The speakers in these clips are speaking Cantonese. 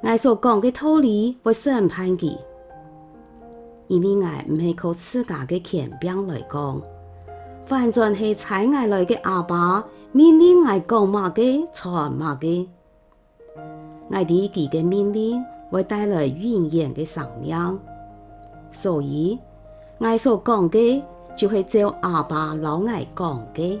我所講的道理會審判佢，因為我唔係靠自家的權柄來講，反正係差我來的阿爸命令我講麼個，錯麼個我哋嘅嘅命令會帶來永遠的生命，所以我所講的就只有阿爸老愛講的。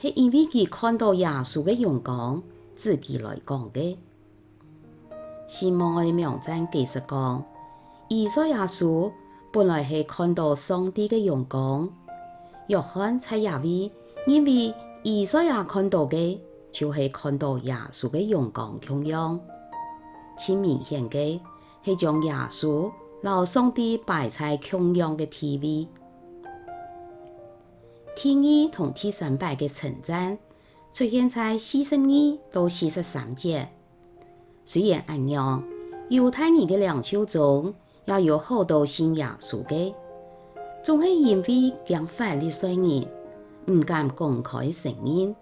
是因為佢看到耶穌的陽光，自己來講的。先望我哋名正解釋講，以賽亞以賽亞本來是看到上帝的陽光，約翰在廿五，因為耶穌也看到的就是看到耶穌的陽光同樣，是明顯嘅，係將耶穌摎上帝擺在同樣的地位。天意同天神派嘅成長出現在四十二到四十三節。雖然安樣，猶太人嘅兩手中要有好多信仰數據，總係因為講法律宣言，唔敢公開承認，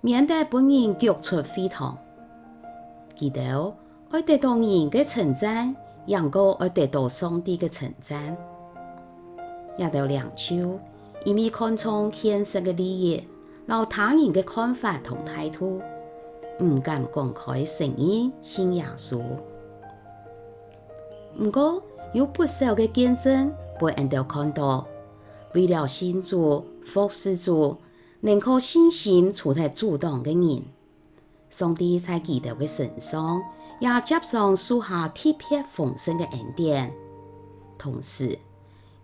免得本人腳出非堂。記得我哋當年嘅稱讚，讓過我哋到上帝嘅稱讚，也條兩手。因為看重現實嘅利益，讓他人嘅看法同態度，唔敢公開承認信仰主。唔過，有不少嘅見證被人看到，為了信主、服侍主，寧可信心處在主動嘅人，上帝在基督嘅身上，也接受屬下體貼奉身嘅恩典，同時。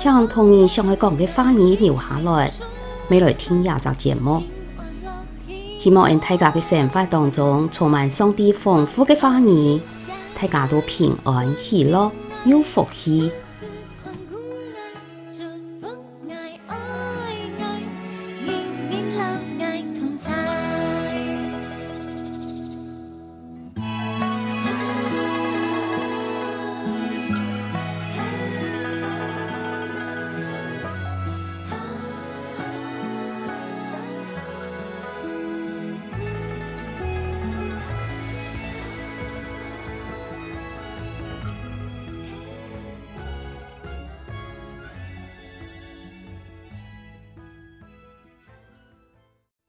將當年想講嘅話語留下來，未來聽亞集節目，希望在大家嘅生活當中充滿上帝豐富嘅話語，大家都平安、喜樂、有福氣。